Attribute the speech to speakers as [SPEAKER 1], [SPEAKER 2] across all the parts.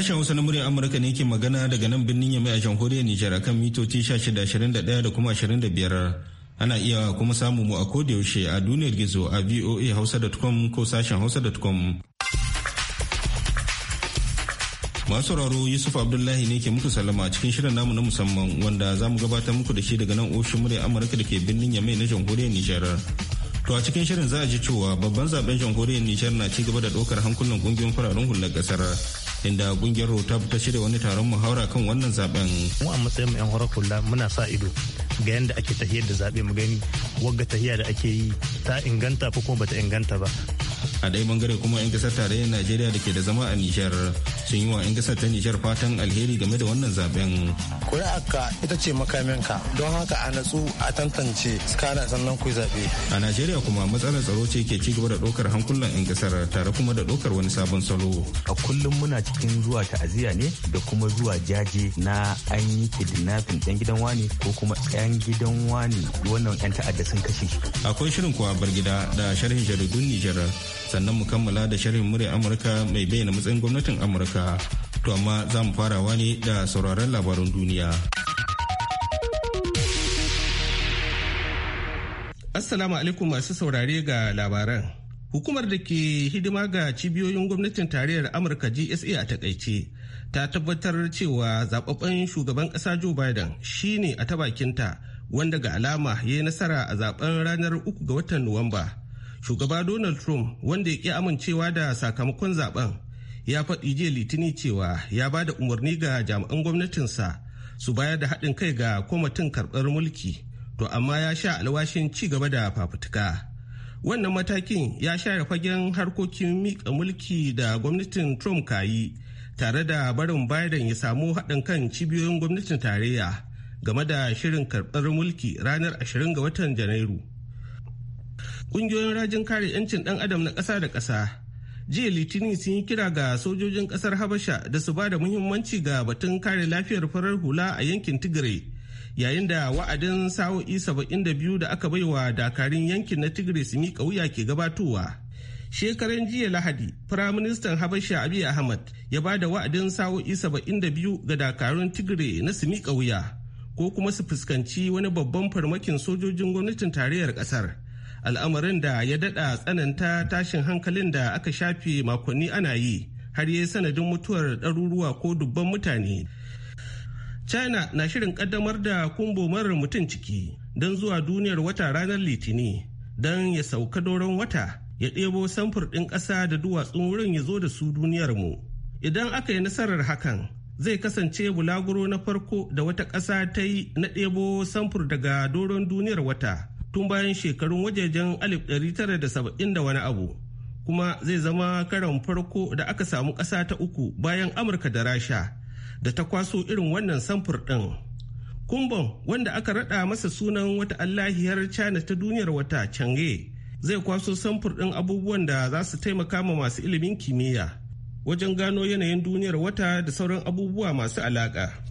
[SPEAKER 1] Sashen Hausa na muryar Amurka ne ke magana daga nan birnin Yamai a jamhuriyar Nijar kan mitoci 1621 da kuma 25. Ana iya kuma samu mu a yaushe a duniyar gizo a voa Hausa.com ko sashen hausa.com. Masu sauraro Yusuf Abdullahi ne ke muku sallama a cikin shirin namu na musamman wanda za mu gabatar muku da shi daga nan ofishin muryar Amurka da ke birnin Yamai na jamhuriyar Nijar. To a cikin shirin za a ji cewa babban zaben jamhuriyar Nijar na ci gaba da ɗaukar hankulan kungiyoyin fararen hular ƙasar inda kungiyar rotab ta shirya wani taron muhawara kan wannan
[SPEAKER 2] zaben mu a matsayin yan horar kula muna sa ido ga yadda ake tahiyar da zaɓe mu gani wagga tahiya da ake yi ta inganta ko kuma bata inganta ba
[SPEAKER 1] a ɗaya bangare kuma 'yan kasar tarayyar najeriya da ke da zama a nijar sun yi wa 'yan kasar ta nijar fatan alheri game da wannan
[SPEAKER 3] zaben aka ita ce makaminka don haka a natsu a tantance tsakanin sannan ku zaɓe
[SPEAKER 1] a najeriya kuma matsalar tsaro ce ke ci gaba da ɗaukar hankulan 'yan kasar tare kuma da
[SPEAKER 4] ɗaukar wani sabon salo a kullum muna cikin zuwa ta'aziyya ne da kuma zuwa jaje na an yi kidnapping ɗan gidan wani ko kuma yan gidan wani wannan 'yan ta'adda sun kashe
[SPEAKER 1] akwai shirin kuwa bar gida da sharhin jaridun nijar sannan mu kammala da shirin murya amurka mai bayyana matsayin gwamnatin amurka to amma za mu farawa ne da sauraron labaran duniya
[SPEAKER 5] assalamu alaikum masu saurare ga labaran hukumar da ke hidima ga cibiyoyin gwamnatin tarayyar amurka gsa a takaice ta tabbatar cewa zababben shugaban kasa joe biden shine a ta bakinta wanda ga alama ya yi nasara a zaben ranar uku ga watan nuwamba shugaba donald trump wanda ya ki amincewa da sakamakon zaben ya faɗi jiya litini cewa ya ba da umarni ga jami'an gwamnatinsa su bayar da haɗin kai ga kwamitin karɓar mulki to amma ya sha alwashin ci gaba da fafutuka wannan matakin ya share fagen harkokin mika mulki da gwamnatin trump kayi tare da barin biden ya samu haɗin kan cibiyoyin gwamnatin tarayya game da shirin karɓar mulki ranar 20 ga watan janairu Ƙungiyoyin rajin kare 'yancin ɗan adam na ƙasa da ƙasa jiya litinin sun yi kira ga sojojin ƙasar habasha da su ba da muhimmanci ga batun kare lafiyar farar hula a yankin tigray yayin da wa'adin sa'o'i 72 da aka baiwa dakarun yankin na tigray su miƙa wuya ke gabatowa shekaran jiya lahadi firaministan habasha abiy ahmad ya ba da wa'adin sa'o'i 72 ga dakarun tigre na su miƙa wuya ko kuma su fuskanci wani babban farmakin sojojin gwamnatin tarayyar ƙasar al'amarin da ya dada tsananta tashin hankalin da aka shafe makonni ana yi har yi sanadin mutuwar ɗaruruwa ko dubban mutane china na shirin kaddamar da kumbo marar mutum ciki don zuwa duniyar wata ranar litini don ya sauka doron wata ya ɗebo samfur ɗin ƙasa da duwatsun wurin ya zo da su duniyar mu idan aka yi nasarar hakan zai kasance bulaguro na farko da wata ƙasa ta yi na ɗebo samfur daga doron duniyar wata tun bayan shekarun wajejen 1970 da wani abu kuma zai zama karan farko da aka samu ƙasa ta uku bayan amurka da rasha da ta kwaso irin wannan samfur ɗin kumbon wanda aka raɗa masa sunan wata allahiyar cana ta duniyar wata cange zai kwaso samfur ɗin abubuwan da za su taimaka ma masu ilimin kimiyya wajen gano yanayin duniyar wata da sauran abubuwa masu alaƙa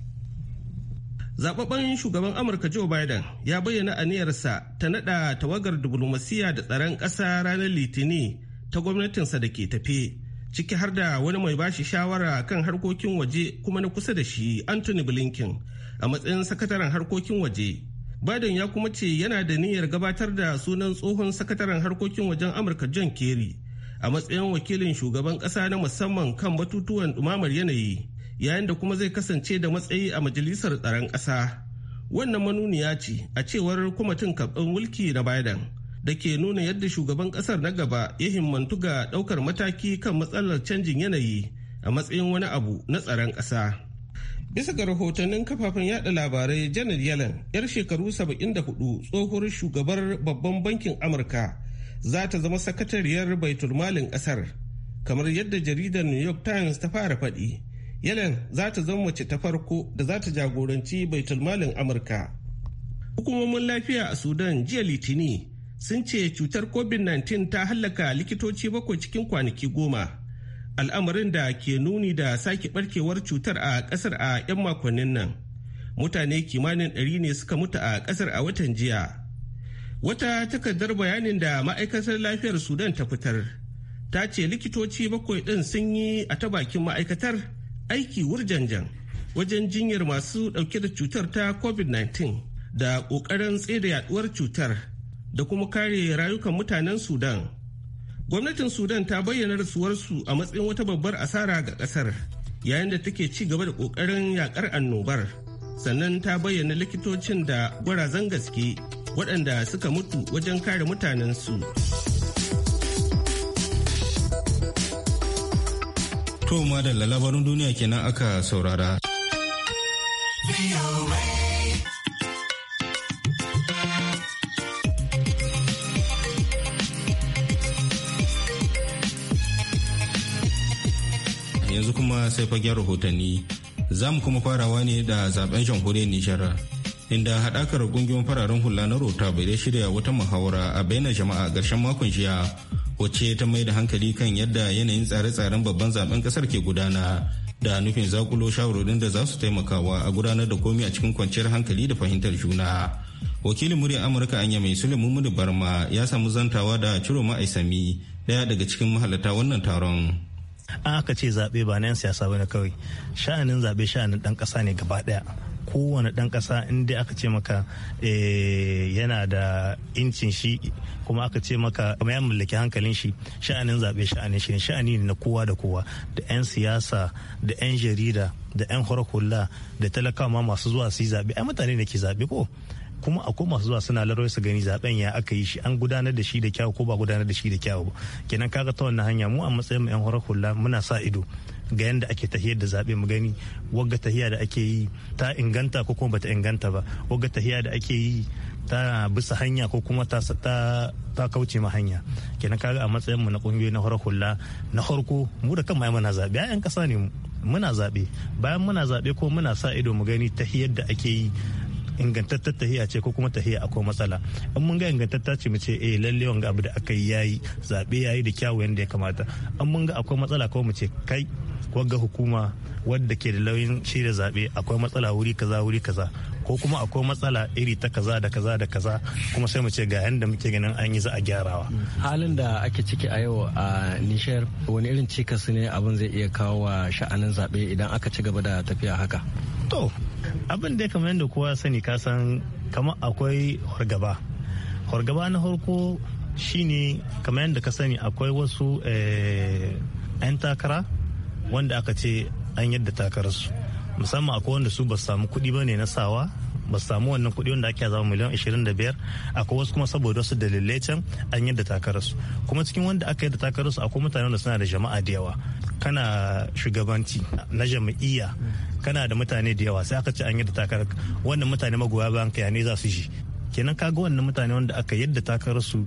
[SPEAKER 5] Zababben shugaban Amurka Joe Biden ya bayyana aniyarsa ta naɗa tawagar diplomasiya da tsaron ƙasa ranar Litini ta gwamnatinsa da ke tafe, ciki har da wani mai bashi shawara kan harkokin waje kuma na kusa da shi Anthony Blinken a matsayin sakataren harkokin waje. Biden ya kuma ce yana da niyyar gabatar da sunan tsohon sakataren harkokin wajen Amurka John Kerry a matsayin wakilin shugaban ƙasa na musamman kan batutuwan dumamar yanayi. yayin da kuma zai kasance da matsayi a majalisar tsaron ƙasa wannan manuniya ce a cewar kwamitin karɓar mulki na biden da ke nuna yadda shugaban ƙasar na gaba ya himmantu ga ɗaukar mataki kan matsalar canjin yanayi a matsayin wani abu na tsaron ƙasa bisa ga rahotannin kafafen yada labarai janet yellen yar shekaru 74 tsohuwar shugabar babban bankin amurka za ta zama sakatariyar baitulmalin ƙasar kamar yadda jaridar new york times ta fara faɗi Yellen za ta zama mace ta farko da za ta jagoranci baitulmalin Amurka. Hukumomin lafiya a Sudan jiya Litini sun ce cutar COVID-19 ta hallaka likitoci bakwai cikin kwanaki goma. Al'amarin da ke nuni da sake barkewar cutar a ƙasar a 'yan makonnin nan. Mutane kimanin ɗari ne suka mutu a ƙasar a watan jiya. Wata takardar bayanin da ma'aikatar lafiyar Sudan ta fitar ta ce likitoci bakwai ɗin sun yi a ta bakin ma'aikatar aiki wurjanjan wajen jinyar masu ɗauke da cutar ta covid-19 da ƙoƙarin tsere yaduwar cutar da kuma kare rayukan mutanen sudan gwamnatin sudan ta bayyana rasuwarsu a matsayin wata babbar asara ga ƙasar yayin da take ci gaba da ƙoƙarin yakar annobar sannan ta bayyana likitocin da gwarazan gaske waɗanda suka mutu wajen kare mutanensu. su
[SPEAKER 1] To ma da labarin duniya kenan aka saurara. Yanzu kuma sai fagen rahotanni. Za mu kuma farawa ne da zaben jamhuriyar Nijar. inda haɗakar gungiyon fararen hula na rota bai shirya wata muhawara a bainar jama'a ƙarshen makon jiya wacce ta mai da hankali kan yadda yanayin tsare-tsaren babban zaben kasar ke gudana da nufin zakulo shawarorin da za su taimakawa a gudanar da komi a cikin kwanciyar hankali da fahimtar juna wakilin murya amurka anya mai mudu barma ya samu zantawa da ciro ma'aisami daya daga cikin mahalata wannan taron
[SPEAKER 2] an aka ce zaɓe ba na 'yan siyasa ba na kawai sha'anin zaɓe sha'anin ɗan ƙasa ne gaba ɗaya kowane ɗan ƙasa inda aka ce maka eh, yana da incin shi kuma aka ce maka ya mallaki hankalin shi sha'anin zaɓe sha'anin shi sha'ani na kowa da kowa da 'yan siyasa da 'yan jarida da 'yan hula da talakawa masu zuwa su yi zaɓe ai mutane ne ke zaɓe ko kuma akwai masu zuwa suna larai su gani zaɓen ya aka yi shi an gudanar da shi da kyawu ko ba gudanar da shi da kyawu kenan kaga ta wannan hanya mu a matsayin mu yan horar hula muna sa ido ga yadda ake tahiyar da zaɓe mu gani wagga tahiya da ake yi ta inganta ko kuma bata inganta ba wagga tahiya da ake yi ta bisa hanya ko kuma ta kauce ma hanya kenan kaga a matsayin mu na kungiyoyi na farko na farko mu da kanmu ai muna zaɓe ai yan kasa ne mu muna zaɓe bayan muna zaɓe ko muna sa ido mu gani tahiyar da ake yi ingantattar tahiya ce ko kuma tahiya akwai matsala an mun ga ingantatta ce mu ce eh lalle wanga abu da aka yi yayi zabe yayi da kyawu yanda ya kamata an mun ga akwai matsala ko mu ce kai wagga hukuma wadda ke da lauyin shirya zaɓe akwai matsala wuri kaza wuri kaza ko kuma akwai matsala iri ta kaza da kaza da kaza kuma sai mu ce ga yanda muke ganin an yi za a gyarawa
[SPEAKER 6] halin da ake ciki a yau a nishar wani irin cikas ne abin zai iya kawo wa sha'anin zaɓe idan aka ci gaba da tafiya haka to
[SPEAKER 2] abin da kamar yadda kowa sani ka san kamar akwai hargaba hargaba na farko shine kamar yadda ka sani akwai wasu 'yan eh, takara wanda aka ce an yadda takararsu musamman akwai wanda su ba samu kuɗi ba ne na sawa ba su samu wannan kuɗi wanda ake zama miliyan 25 akwai wasu kuma saboda wasu dalilai can an yadda takararsu kuma cikin wanda aka yadda takararsu akwai mutane da suna da jama'a da yawa kana shugabanci na jam'iyya kana da mutane da yawa sai aka ce an yadda takarar wannan mutane magoya bayan ka ne za su ji kenan ka ga wannan mutane wanda aka yadda takarar su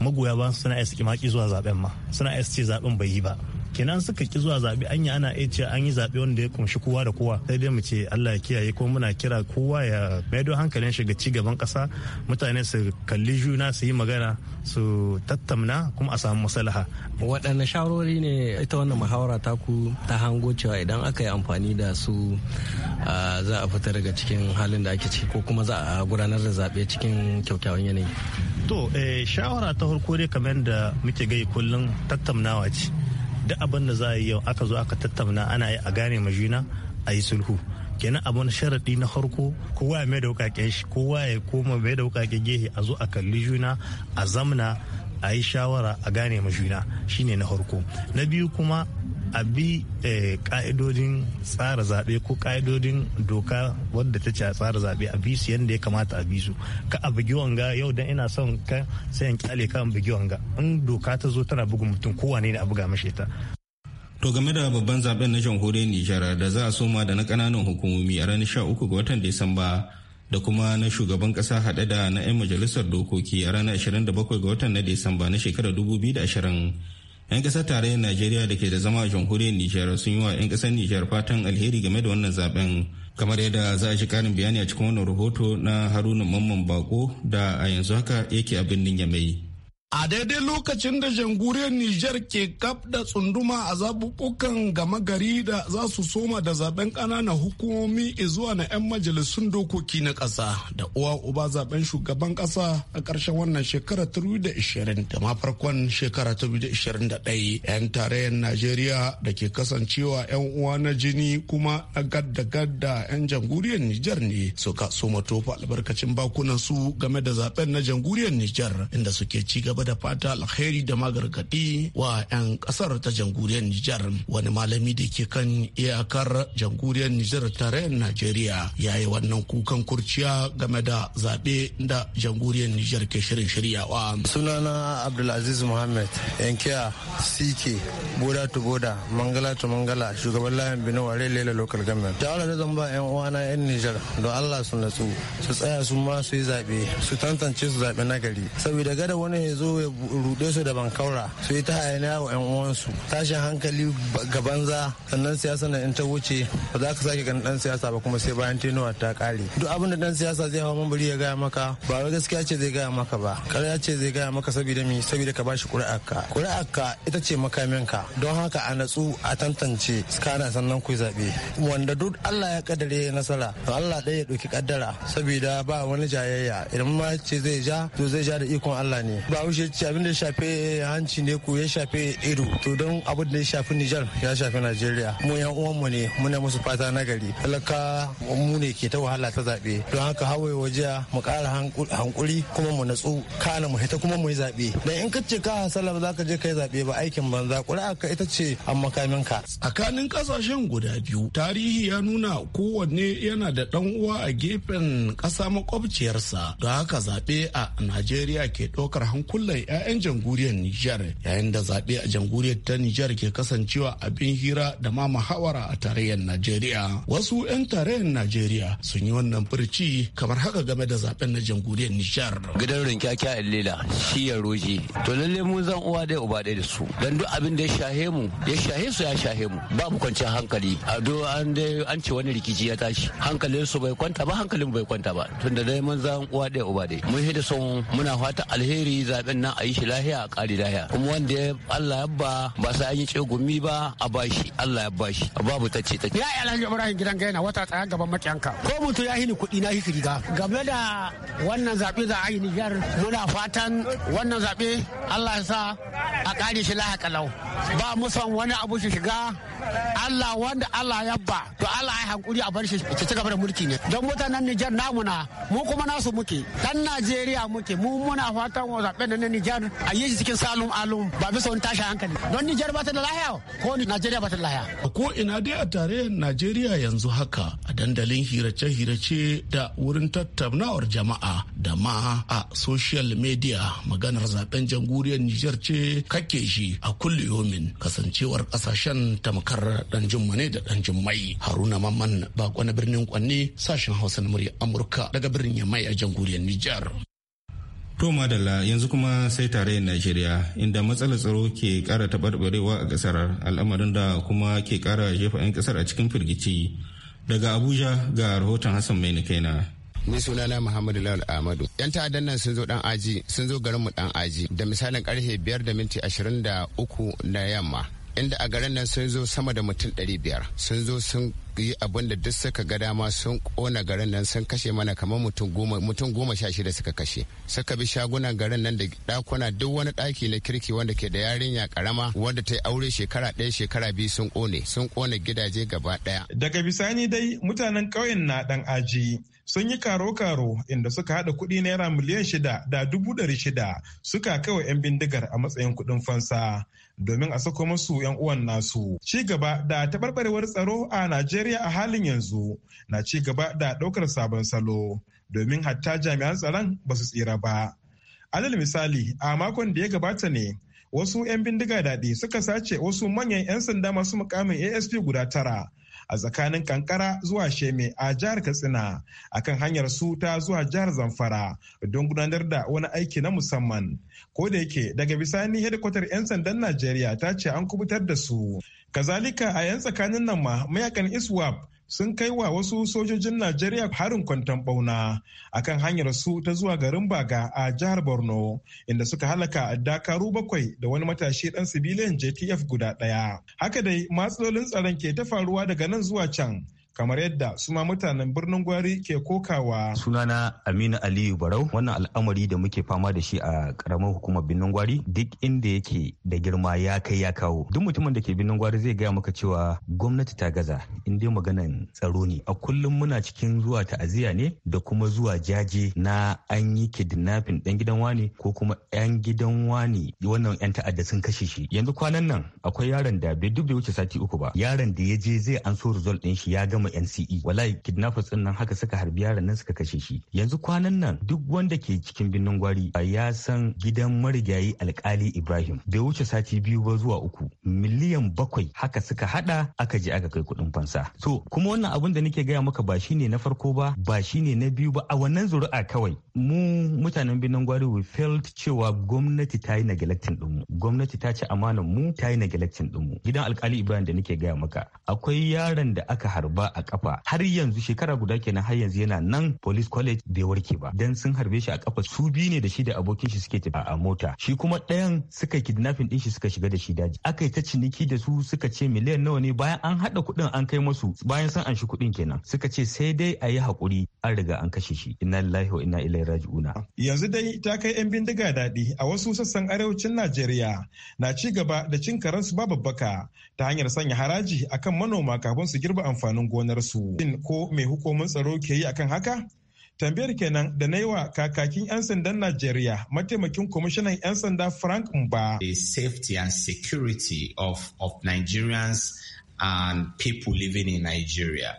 [SPEAKER 2] magoya bayan suna iya suke maki zuwa zaben ma suna iya su ce zaben bai yi ba kenan suka ki zuwa zaɓe an ana iya an yi zaɓe wanda ya kunshi kowa da kowa sai dai mu ce Allah ya kiyaye ko muna kira kowa ya maido hankalin shiga ci gaban kasa mutane su kalli juna su yi magana su tattamna kuma a samu maslaha waɗanne shawarori ne
[SPEAKER 6] ita wannan muhawara ta ku ta hango cewa idan aka yi amfani da su za a
[SPEAKER 2] fita daga cikin halin da ake ciki ko kuma za a gudanar da zaɓe cikin kyaukyawan yanayi to eh, shawara ta farko dai kamar da muke gai kullum tattaunawa ce duk abin da za a yi yau aka zo aka tattauna ana yi a gane ma juna a yi sulhu kenan abin sharaɗi na farko kowa ya mai da shi kowa ya koma mai da wukaken gehe a zo a kalli juna a zamna a yi shawara a gane ma juna shine na farko na biyu kuma a bi eh, ka'idodin tsara zaɓe ko ka'idodin doka wadda ta ce a tsara zaɓe a bi su yadda ya kamata a bi su ka a bugi wanga yau dan ina son ka sai kyale ka in bugi wanga in doka ta zo tana bugun mutum kowane ne a buga mashi ta
[SPEAKER 1] To game da babban zaben na jamhuriyar Nijar da za a soma da na kananan hukumomi a ranar uku ga watan Disamba da kuma na shugaban kasa haɗe da na 'yan majalisar dokoki a ranar 27 ga watan na Disamba na shekarar 2020 'yan ƙasar tarayyar najeriya da ke da zama a jamhuriyar nijar sun yi wa 'yan ƙasar nijar fatan alheri game da wannan zaben kamar yadda za a ji karin bayani a cikin wannan rahoto na haruna mamman bako da a yanzu haka yake a birnin yamai
[SPEAKER 7] A daidai lokacin da jamhuriyar Nijar ke kaf da tsunduma a zaɓuɓɓukan gama gari da za su soma da zaben ƙananan hukumomi zuwa na 'yan majalisun dokoki na ƙasa da uwa uba zaben shugaban ƙasa a ƙarshen wannan shekara 2020 da ma farkon shekara 2021 'yan tarayyar Najeriya da ke kasancewa 'yan uwa na jini kuma na gadda gadda 'yan jamhuriyar Nijar ne suka soma tofa albarkacin bakunan su game da zaben na jamhuriyar Nijar inda suke ci gaba gaba da fata alheri da magargadi wa 'yan kasar ta jamhuriyar Nijar wani malami da ke kan iyakar jamhuriyar Nijar tarayyar Najeriya ya yi wannan kukan kurciya game da zaɓe da jamhuriyar Nijar ke shirin
[SPEAKER 3] shiryawa. Sunana Abdulaziz Muhammad Yankiya CK Boda to Boda Mangala to Mangala shugaban layin Benin Ware Lela Local Government. Da zan ba 'yan uwana 'yan Nijar don Allah su natsu su tsaya su ma su zaɓe su tantance su zaɓe nagari saboda gada wani ya zo zo ya rude su da bankaura su yi ta hayaniya wa 'yan uwansu tashin hankali ga banza sannan siyasa na in ta wuce ba za ka sake ganin dan siyasa ba kuma sai bayan tenuwa ta kare duk abin da dan siyasa zai hawa mambari ya gaya maka ba wai gaskiya ce zai gaya maka ba karya ce zai gaya maka saboda mi saboda ka bashi kura aka ita ce makamin ka don haka a natsu a tantance kana sannan ku zabe wanda duk Allah ya kaddare nasara to Allah ɗaya ya ɗauki kaddara saboda ba wani jayayya idan ma ce zai ja to zai ja da ikon Allah ne ba bahaushe abin da ya shafe hanci ne ko ya shafe ido to don abin da ya shafi nijar ya shafi najeriya mu yan uwanmu ne muna musu fata na gari talaka mu ne ke ta wahala ta zaɓe don haka hawaye waje mu kara hankuri kuma mu natsu kana mu hita kuma mu yi zaɓe dan in ka ce ka hasala ba za ka je ka yi zaɓe ba aikin banza ƙuri'a ka ita ce an makamin ka
[SPEAKER 7] tsakanin ƙasashen guda biyu tarihi ya nuna kowanne yana da ɗan uwa a gefen ƙasa makwabciyarsa don haka zaɓe a najeriya ke ɗaukar hankula sallar 'ya'yan jamhuriyar Nijar yayin da zaɓe a jamhuriyar ta Nijar ke kasancewa abin hira da ma mahawara a tarayyar Najeriya. Wasu 'yan tarayyar Najeriya sun yi wannan furci kamar haka game da zaben na jamhuriyar Nijar.
[SPEAKER 6] Gidan a Lela shi ya roje. To lalle mun zan uwa dai uba dai da su. Dan duk abin da ya shahe mu ya shahe su ya shahe mu. Babu kwanciyar hankali. A do an dai an ce wani rikici ya tashi. Hankalin su bai kwanta ba hankalin bai kwanta ba. Tunda dai mun zan uwa dai uba dai. Mun hida son muna fata alheri zaɓen zaben nan a yi shi lahiya a ƙari lahiya kuma wanda ya Allah ya ba ba sai an yi ce gumi ba a bashi Allah ya bashi babu ta ce ta
[SPEAKER 8] ya Alhaji Ibrahim gidan na wata tsaya gaban makiyanka
[SPEAKER 9] ko mutum ya hini kuɗi na hisiri riga game da
[SPEAKER 8] wannan zaɓe za a yi Niger muna fatan wannan zaɓe Allah ya sa a ƙari shi lahiya kalau ba mu son wani abu shi shiga Allah wanda Allah ya ba to Allah ya hankuri a bar shi ta ci gaba da mulki ne don mutanen Nijar namu na mu kuma nasu muke dan Najeriya muke mu muna fatan wa zaben na Nijar a yi cikin salum alum ba bisa wani tashi hankali don Nijar ba ta da lahiya ko
[SPEAKER 7] Najeriya ba ta da lahiya ko ina dai a tarayyar Najeriya yanzu haka a dandalin hirace-hirace da wurin tattaunawar jama'a da ma a social media maganar zaben jamhuriyar Nijar ce kake shi a kulli yomin kasancewar kasashen tamkar har danjin ne da dan mai haruna mamman bako na birnin kwanne sashen hausa na murya amurka daga birnin yamai a jamhuriyar nijar To Madalla
[SPEAKER 1] yanzu kuma sai tarayyar Najeriya inda matsalar tsaro ke kara taɓarɓarewa a ƙasar al'amarin da kuma ke kara jefa 'yan ƙasar a cikin firgici. Daga Abuja ga rahoton Hassan Maina kaina. ni sunana muhammadu lawal ahmadu yan ta'addan nan sun zo dan aji sun zo garinmu dan aji da misalin karfe biyar da minti ashirin da uku na yamma inda a garin nan sun zo sama da mutum 500 sun zo sun yi abin da duk suka ga dama sun kona garin nan sun kashe mana kamar mutum goma sha shida suka kashe suka bi shagunan garin nan da dakuna duk wani daki na kirki wanda ke da yarinya karama wanda ta yi aure shekara ɗaya shekara biyu sun kone sun kone gidaje gaba daya
[SPEAKER 10] daga bisani dai mutanen ƙauyen na dan aji sun yi karo-karo inda suka haɗa kuɗi naira miliyan shida da dubu ɗari shida suka kawai 'yan bindigar a matsayin kuɗin fansa domin a sako masu 'yan uwan nasu. Ci gaba da taɓarɓarewar tsaro a Najeriya a halin yanzu na ci gaba da ɗaukar sabon salo domin hatta jami'an tsaron ba su tsira ba. Alal misali a makon da ya gabata ne wasu 'yan bindiga daɗi suka sace wasu manyan 'yan sanda masu mukamin asp guda tara a tsakanin kankara zuwa sheme a jihar katsina akan hanyar su ta zuwa jihar zamfara don gudanar da wani aiki na musamman ko da yake daga bisani hedikwatar 'yan sandan najeriya ta ce an kubutar da su kazalika a 'yan tsakanin nan ma mayakan iswap sun kai wa wasu sojojin Najeriya harin kwanton bauna a kan hanyar su ta zuwa garin Baga a jihar Borno inda suka halaka dakaru bakwai da wani matashi dan sibiliyan JTF guda ɗaya. Haka dai matsalolin tsaron ke ta faruwa daga nan zuwa can. kamar yadda su mutanen birnin gwari ke kokawa.
[SPEAKER 4] Sunana Aminu Aliyu Barau wannan al'amari da muke fama da shi a karamar hukumar birnin gwari duk inda yake da girma ya kai ya kawo. Duk mutumin da ke birnin gwari zai gaya maka cewa gwamnati ta gaza in dai maganan tsaro ne. A kullum muna cikin zuwa ta'aziyya ne da kuma zuwa jaje na an yi kidnapping dan gidan wani ko kuma yan gidan wani wannan yan ta'adda sun kashe shi. Yanzu kwanan nan akwai yaron da bai duk da wuce sati uku ba. Yaron da ya je zai an so result din shi ya gama kama NCE wallahi kidnappers din nan haka suka harbi yaran nan suka kashe shi yanzu kwanan nan duk wanda ke cikin birnin gwari ya san gidan marigayi alkali Ibrahim bai wuce sati biyu ba zuwa uku miliyan bakwai haka suka hada aka je aka kai kuɗin fansa to kuma wannan abun da nake gaya maka ba shine na farko ba ba shine na biyu ba a wannan zuri'a kawai mu mutanen binnin gwari we felt cewa gwamnati ta yi neglecting dinmu gwamnati ta ci amanan mu ta yi neglecting dinmu gidan alkali Ibrahim da nake gaya maka akwai yaron da aka harba a kafa har yanzu shekara guda kenan har yanzu yana nan police college bai warke ba dan sun harbe shi a kafa su bi ne da shi da abokin shi suke tafiya a mota shi kuma ɗayan suka kidnapping din shi suka shiga da shi daji aka ta ciniki da su suka ce miliyan nawa ne bayan an haɗa kuɗin an kai masu bayan sun an shi kuɗin kenan suka ce sai dai a yi haƙuri an riga an kashe shi inna lillahi wa inna ilaihi raji'una
[SPEAKER 10] yanzu dai ta kai yan bindiga daɗi a wasu sassan arewacin najeriya na ci gaba da cin karansu ba babbaka ta hanyar sanya haraji akan manoma kafin su girba amfanin gona gonarsu. Ko mai hukumin tsaro ke yi akan haka? Tambayar kenan da na yi wa kakakin 'yan sandan Najeriya mataimakin kwamishinan 'yan sanda Frank Mba. The safety and security of, of Nigerians and people living in Nigeria.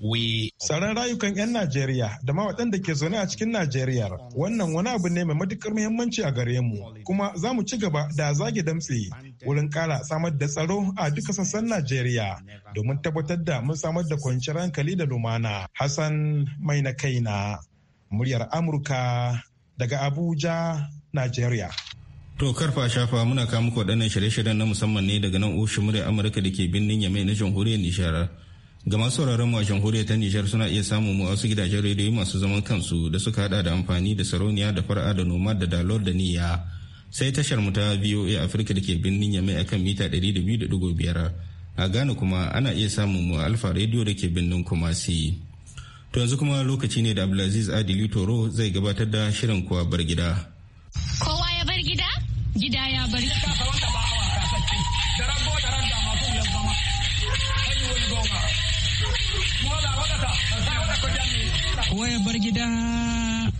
[SPEAKER 10] we tsaron rayukan 'yan najeriya da ma waɗanda ke zaune a cikin najeriya wannan wani abu ne mai matukar muhimmanci a gare mu kuma za mu ci gaba da zage damtse wurin ƙara samar da tsaro a duka sassan najeriya domin tabbatar da mun samar da kwanciyar hankali da lumana hassan mai na kaina muryar amurka daga abuja najeriya
[SPEAKER 1] To karfa shafa muna kawo muku waɗannan shirye-shiryen na musamman ne daga nan ofishin murya Amurka da ke birnin Yamai na jamhuriyar Nishar. Ga masu sauraron mu a jamhuriyar ta Nijar suna iya samun mu a wasu gidajen rediyo masu zaman kansu da suka hada da amfani da sarauniya da fara'a da noma da dalor da niyya. Sai tashar mu ta VOA Africa da ke birnin Yamai akan mita 200.5 a Ghana kuma ana iya samun mu a Alfa Radio da ke birnin Kumasi. To yanzu kuma lokaci ne da Abdulaziz Adili Toro zai gabatar da shirin kuwa bar gida.
[SPEAKER 4] Kowa
[SPEAKER 9] ya bar gida? Gida ya bar gida. Waya bar gida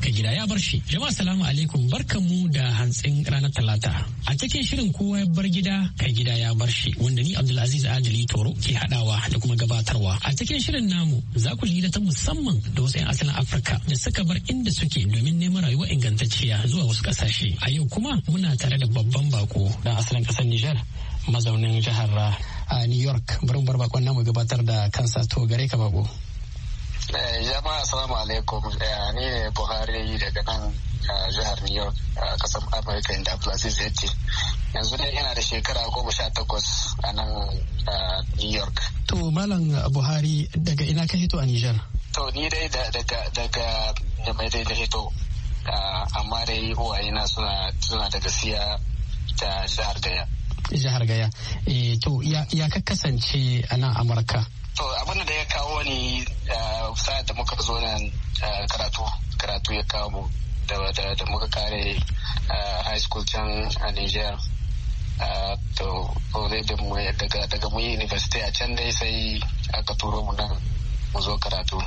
[SPEAKER 9] ka gida ya bar shi. Jama'a salamu alaikum barkamu da hantsin ranar talata. A cikin shirin kowa ya bar gida ka gida ya bar shi wanda ni Abdulaziz Adali Toro ke hadawa da kuma gabatarwa. A cikin shirin namu za ku ji ta musamman da wasu 'yan asalin Afirka da suka bar inda suke domin neman rayuwa ingantacciya zuwa wasu kasashe. A yau kuma muna tare da babban bako da asalin kasar Nijar mazaunin jihar a new york bari bar bakon namu gabatar da kansa to gare ka bako
[SPEAKER 8] eh, jama'a assalamu alaikum eh, ni ne buhari daga nan eh, jihar new york a kasar amurka inda abdulaziz ya ce yanzu ne yana da shekara goma sha takwas a nan new york
[SPEAKER 9] to malam buhari daga ina ka hito a nijar
[SPEAKER 8] to ni dai daga daga da mai dai da hito amma dai uwa na suna daga siya ta jihar da
[SPEAKER 9] jihar gaya eh, to ya ka kasance a nan amurka to abinda da ya kawo ni eh, sa'ad da muka zo nan
[SPEAKER 8] eh, karatu karatu ya kawo mu da muka kare high school can a niger to zai da mu daga mu yi university a can dai sai aka turo mu nan mu zo
[SPEAKER 9] karatu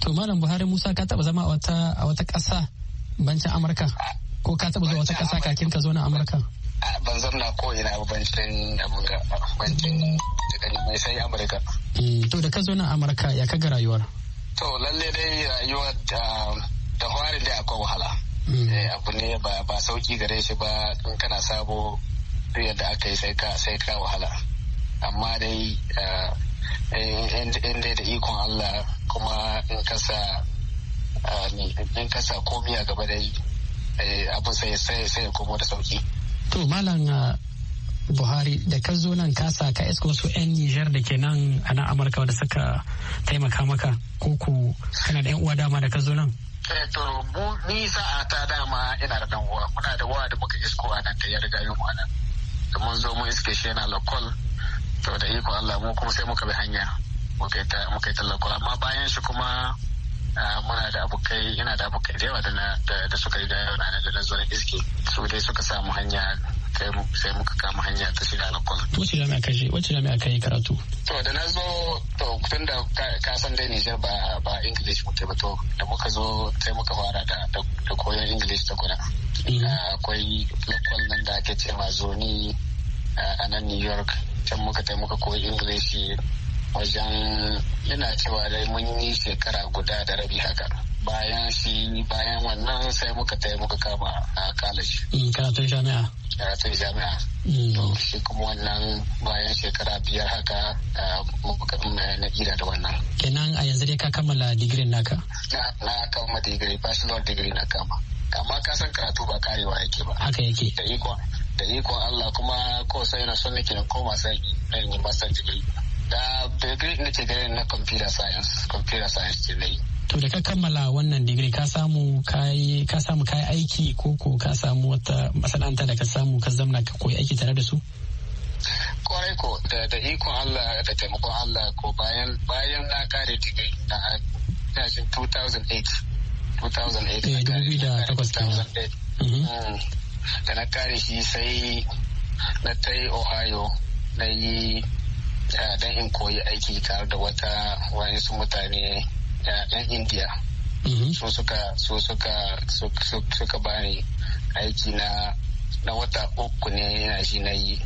[SPEAKER 9] to malam buhari musa ka taba zama a wata ƙasa bancin amurka ko ka taba zuwa wata ƙasa kakin ka zo na amurka
[SPEAKER 8] ban zamna ko ina bancin abuja bancin daga mai sai amurka
[SPEAKER 9] mm, to da ka zo nan amurka ya kaga rayuwar
[SPEAKER 8] to lalle dai rayuwa da ah, da fari dai akwai wahala mm. eh, abu ne ba sauki gare shi ba in kana sabo yadda aka yi sai ka sai ka wahala amma dai ah, in dai da ikon Allah kuma in kasa ah, in kasa komi a gaba dai eh, abu sai sai sai
[SPEAKER 9] komo da sauki to malam uh, buhari da ka zo nan ka ka isko su 'yan nijar da ke nan a nan amurka da suka taimaka maka ko ku kana da 'yan uwa dama da ka zo nan eh, to mu ni sa'a
[SPEAKER 8] ta dama ina da dan muna da wa da muka isko a nan ta ya riga yin a nan da mun zo mun iske shi yana lokol to da iko Allah mu kuma sai muka bi hanya muka yi ta muka amma bayan shi kuma muna da abokai yana da abokai da yawa da suka yi gayo na da zo iske
[SPEAKER 9] su dai suka samu hanya sai muka kama hanya ta shiga alkol. Wace jami'a ka je? Wace jami'a ka yi karatu? To da na zo to tun da
[SPEAKER 8] ka san dai Nijar ba ba English muke ba to da muka zo sai muka fara da da koyon English ta kuna.
[SPEAKER 9] Mm-hmm.
[SPEAKER 8] Ah, akwai lokal nan da ake cewa zoni ah, a nan New York can muka taimaka koyi English wajen yana cewa dai mun yi shekara guda da rabi haka bayan shi bayan wannan sai muka tai muka kama a college mm, karatun jami'a karatun jami'a mm. shi kuma wannan bayan shekara biyar haka muka na gida da wannan kenan a yanzu dai ka kammala digirin naka na kama digiri bachelor digiri na kama amma ka san karatu ba karewa yake ba haka yake da ikon da ikon Allah kuma ko sai na son nake na koma sai na yi masar digiri da degree nake gare na computer science computer science ce nayi
[SPEAKER 9] to da ka kammala wannan digiri ka samu kai ka samu kai aiki ko ko ka samu wata masana'anta da ka samu ka zamna ka koyi aiki tare da su
[SPEAKER 8] kwarai ko da ikon Allah da taimakon Allah ko bayan bayan na kare digiri na ina jin 2008 2008 eh, mm-hmm. mm. da na kare shi sai na tai Ohio na yi don in koyi aiki tare da wata wayansu mutane yan indiya mhm. su suka su suka suka bani aiki na na wata uku ne yana shi na yi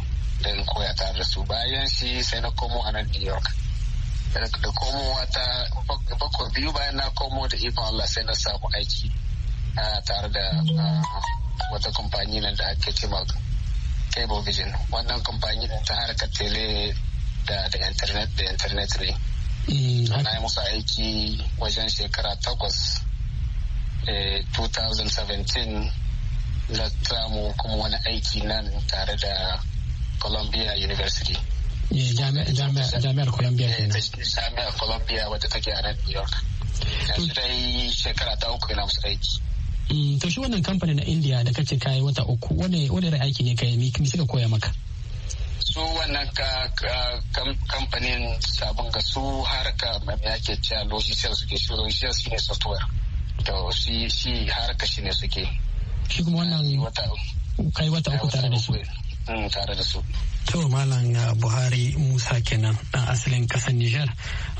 [SPEAKER 8] da in koya tare da su bayan shi sai na komo a nan new york da komo wata bakwai biyu bayan na komo da ikon allah sai na samu aiki tare da wata kamfani nan da ake ce cable vision wannan kamfani ta harkar tele da internet da internet ne
[SPEAKER 9] eh. na
[SPEAKER 8] yi musu aiki wajen shekara takwas 2017 eh, na samu kuma wani aiki nan tare da columbia university
[SPEAKER 9] eh, jami'ar columbia
[SPEAKER 8] jami'ar columbia wadda take a new york yanzu dai shekara ta uku yana musu aiki
[SPEAKER 9] mm, to shi wannan kamfanin na india da kace kayi wata uku wani irin aiki ne kai me suka koya maka su wannan
[SPEAKER 8] kamfanin sabon ga su harka mai ake cewa logiciel suke shi logiciel shine software to shi shi harka shine suke shi kuma wannan
[SPEAKER 9] kai wata uku tare da su mm, tare da su To Malam Buhari Musa kenan dan asalin kasar Nijar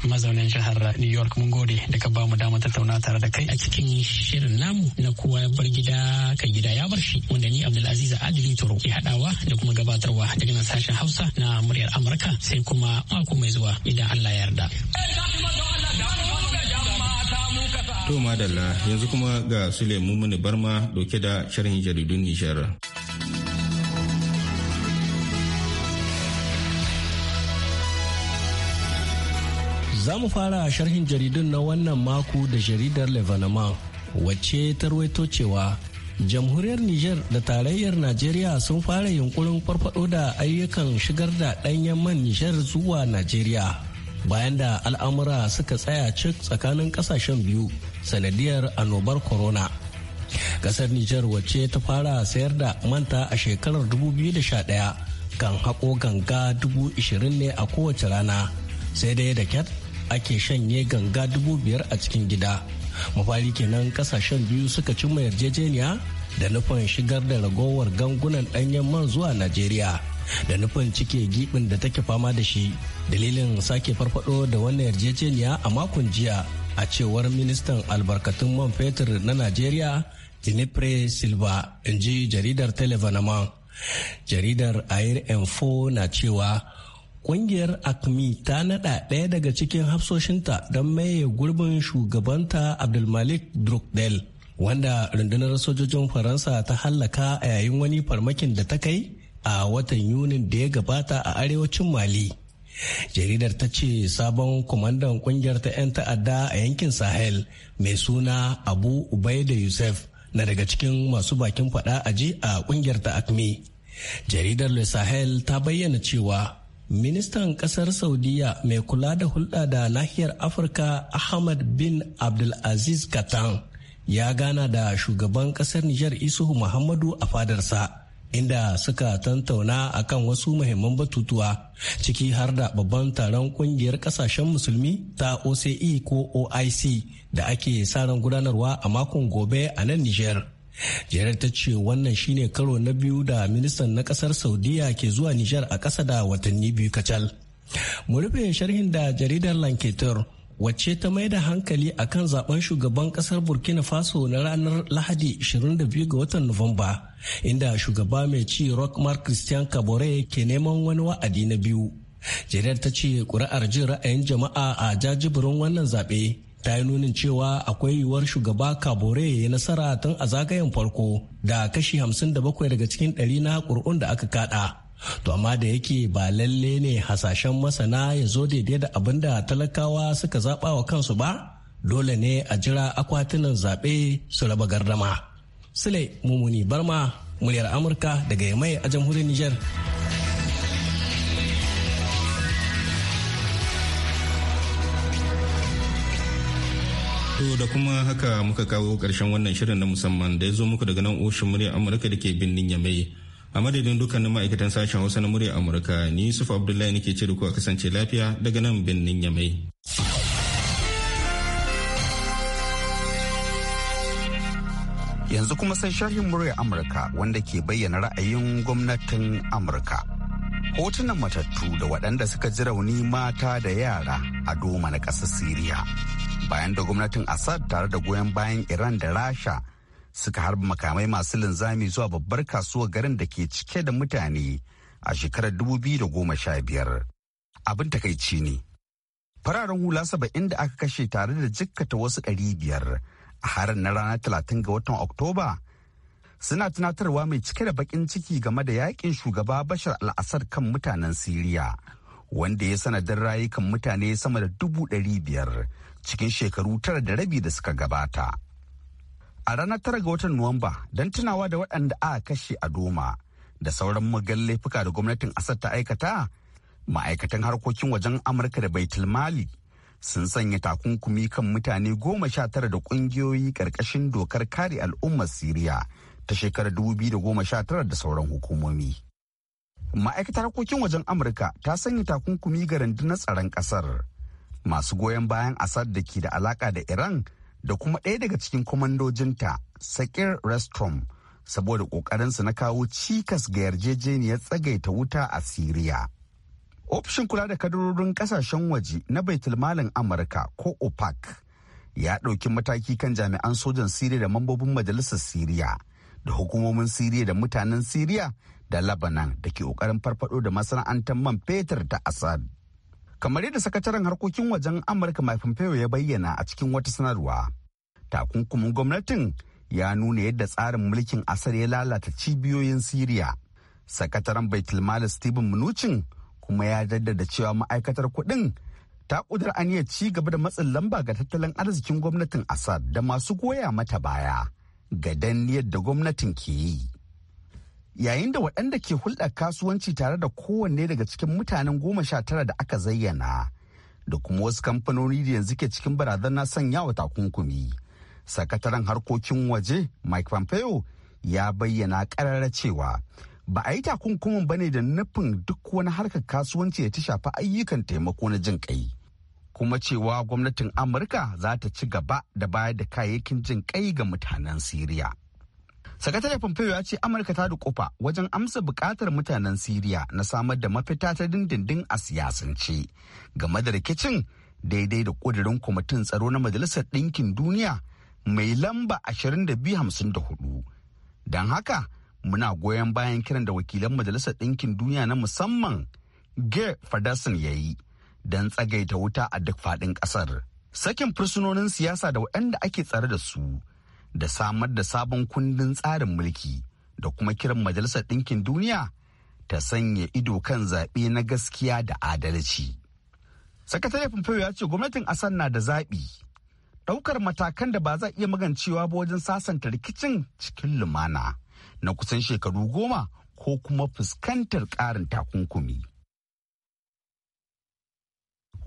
[SPEAKER 9] mazaunin jihar New York mun gode da ka bamu dama tattauna tare da kai a cikin shirin namu na kowa ya bar gida ka gida ya bar shi wanda ni Abdulaziz Adili Toro ke hadawa da kuma gabatarwa daga nan sashen Hausa na muryar Amurka sai kuma mako mai zuwa idan Allah ya yarda.
[SPEAKER 1] To madalla yanzu kuma ga Suleiman Mumuni Barma dauke da sharhin jaridun Nijar.
[SPEAKER 6] Za mu fara sharhin jaridun na wannan mako da jaridar Lebanon wacce ta ruwaito cewa jamhuriyar Nijar da tarayyar Najeriya sun fara yunkurin farfado da ayyukan shigar da ɗanyen man Nijar zuwa Najeriya. bayan da al'amura suka tsaya cik tsakanin kasashen biyu sanadiyar annobar corona. Kasar Nijar wacce ta fara sayar da manta a shekarar 2011 kan haƙo ganga 20,000 ne a kowace rana sai dai da kyat ake shanye ganga dubu biyar a cikin gida mafari kenan kasashen biyu suka cimma yarjejeniya da nufin shigar da ragowar gangunan danyen man zuwa najeriya da nufin cike gibin da take fama da shi dalilin sake farfado da wannan yarjejeniya a makon jiya a cewar ministan albarkatun man fetur na najeriya tinipre Silva, in ji jaridar Televanama. Jaridar Air Info na cewa Ƙungiyar akmi ta naɗa ɗaya daga cikin hafsoshinta don maye gurbin shugabanta Abdulmalik Drukdel, wanda rundunar sojojin Faransa ta hallaka a yayin wani farmakin da ta kai a watan Yunin da ya gabata a arewacin Mali. jaridar ta ce sabon kwamandan ƙungiyar ta 'yan ta'adda a yankin sahel mai suna abu ubaida yusuf na daga cikin masu bakin fada aji a kungiyar ta acme jaridar le sahel ta bayyana cewa ministan kasar saudiya mai kula da hulɗa da nahiyar afirka ahmad bin abdulaziz katan ya gana da shugaban kasar nijar isuhu muhammadu a fadarsa inda suka tantauna akan wasu muhimman batutuwa ciki har da babban taron kungiyar kasashen musulmi ta oce ko oic da ake sa ran gudanarwa a makon gobe a nan nijar jerar ta ce wannan shine karo na biyu da ministan na kasar saudiya ke zuwa nijar a kasa da watanni biyu kacal mu rufe sharhin da jaridar lanketer wacce ta mai da hankali a kan zaben shugaban kasar burkina faso na ranar lahadi 22 ga watan nuwamba inda shugaba mai ci rock mark christian kabore ke neman wani wa'adi na biyu jaridar ta ce kuri'ar jin ra'ayin jama'a a jajibirin wannan zaɓe ta yi nunin cewa akwai yiwuwar shugaba kabore ya nasara tun a zagayen farko da kashi hamsin da bakwai daga cikin ɗari na ƙuri'un da aka kaɗa. to amma da yake ba lalle ne hasashen masana ya zo daidai da abin da talakawa suka zaɓa wa kansu ba dole ne a jira akwatunan zaɓe su raba gardama sule mumuni barma muryar amurka daga yamai a jamhuriyar nijar. To da
[SPEAKER 1] kuma haka muka kawo ƙarshen wannan shirin na musamman da ya zo muku daga nan oshin murya Amurka da ke birnin Yamai. A madadin dukkanin ma'aikatan sashen Hausa na murya Amurka ni Yusuf Abdullahi nake ce da ku a kasance lafiya daga nan birnin Yamai.
[SPEAKER 11] Yanzu kuma san sharhin murya Amurka wanda ke bayyana ra'ayin gwamnatin Amurka. Hotunan matattu da waɗanda suka ji rauni mata da yara a doma na ƙasar Siriya. bayan da gwamnatin assad tare da goyon bayan iran da rasha suka harba makamai masu linzami zuwa babbar kasuwar garin da ke cike da mutane a shekarar 2015 abin takaici ne fararen hula saba'in da aka kashe tare da jikkata wasu ɗari biyar a harin na ranar talatin ga watan oktoba suna tunatarwa mai cike da bakin ciki game da yakin shugaba bashar al-assad kan mutanen siriya wanda ya sanadin rayukan mutane sama da dubu ɗari biyar cikin shekaru tara da rabi da suka gabata. A ranar tara ga watan Nuwamba don tunawa da waɗanda aka kashe a Doma da sauran magan laifuka da gwamnatin asar ta aikata, ma'aikatan harkokin wajen Amurka da Baitul Mali sun sanya takunkumi kan mutane goma sha tara da ƙungiyoyi ƙarƙashin dokar kare al'ummar Siriya ta shekarar dubu biyu da goma sha tara da sauran hukumomi. Ma'aikatar harkokin wajen Amurka ta sanya takunkumi ga rundunar tsaron ƙasar. masu goyon bayan Assad da ke da alaka da Iran da kuma ɗaya daga cikin kwamandojinta Sakir Restrom saboda ƙoƙarinsu na kawo cikas ga yarjejeniyar tsagaita wuta a Siriya. Ofishin kula da kadarorin ƙasashen waje na Baitulmalin Amurka ko OPAC ya ɗauki mataki kan jami'an sojan Siriya da mambobin majalisar Siriya da hukumomin Siriya da mutanen Siriya da Lebanon da ke ƙoƙarin farfado da masana'antar man fetur ta Assad. kamar yadda sakataren harkokin wajen amurka mai pompeo ya bayyana a cikin wata sanarwa takunkumin gwamnatin ya nuna yadda tsarin mulkin asar ya lalata cibiyoyin siriya sakataren baitulmali stephen mnuchin kuma ya jaddada cewa ma'aikatar kuɗin ta ƙudur aniyar ci gaba da matsin lamba ga tattalin arzikin gwamnatin asar da masu goya mata baya ga danniyar da gwamnatin ke yi yayin da waɗanda ke hulɗa kasuwanci tare da kowanne daga cikin mutanen goma sha tara da aka zayyana da kuma wasu kamfanoni da yanzu ke cikin barazana sanya wa takunkumi sakataren harkokin waje mike pompeo ya bayyana karara cewa ba a yi takunkumin ba ne da nufin duk wani harkar kasuwanci da ta shafi ayyukan taimako na jin kai kuma cewa gwamnatin amurka za ta ci gaba da bayar da kayayyakin jin kai ga mutanen siriya sakatare pompeo ya ce amurka ta dukufa wajen amsa bukatar mutanen siriya na samar da mafita ta dindindin a siyasance game da rikicin daidai da kudirin kwamitin tsaro na majalisar ɗinkin duniya mai lamba 2254 don haka muna goyon bayan kiran da wakilan majalisar ɗinkin duniya na musamman ge fadasan ya yi don tsagaita wuta a duk faɗin ƙasar sakin fursunonin siyasa da waɗanda ake tsare da su da samar da sabon kundin tsarin mulki da kuma kiran majalisar ɗinkin duniya ta sanya ido kan zaɓe na gaskiya da adalci. sakatare pompeo ya ce gwamnatin asan na da zaɓi ɗaukar matakan da ba za iya magancewa ba wajen sasanta rikicin cikin lumana na kusan shekaru goma ko kuma fuskantar ƙarin takunkumi.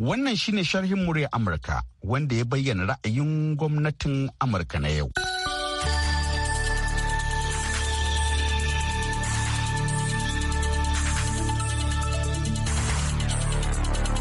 [SPEAKER 11] Wannan shine sharhin murya Amurka wanda ya bayyana ra'ayin gwamnatin Amurka na yau.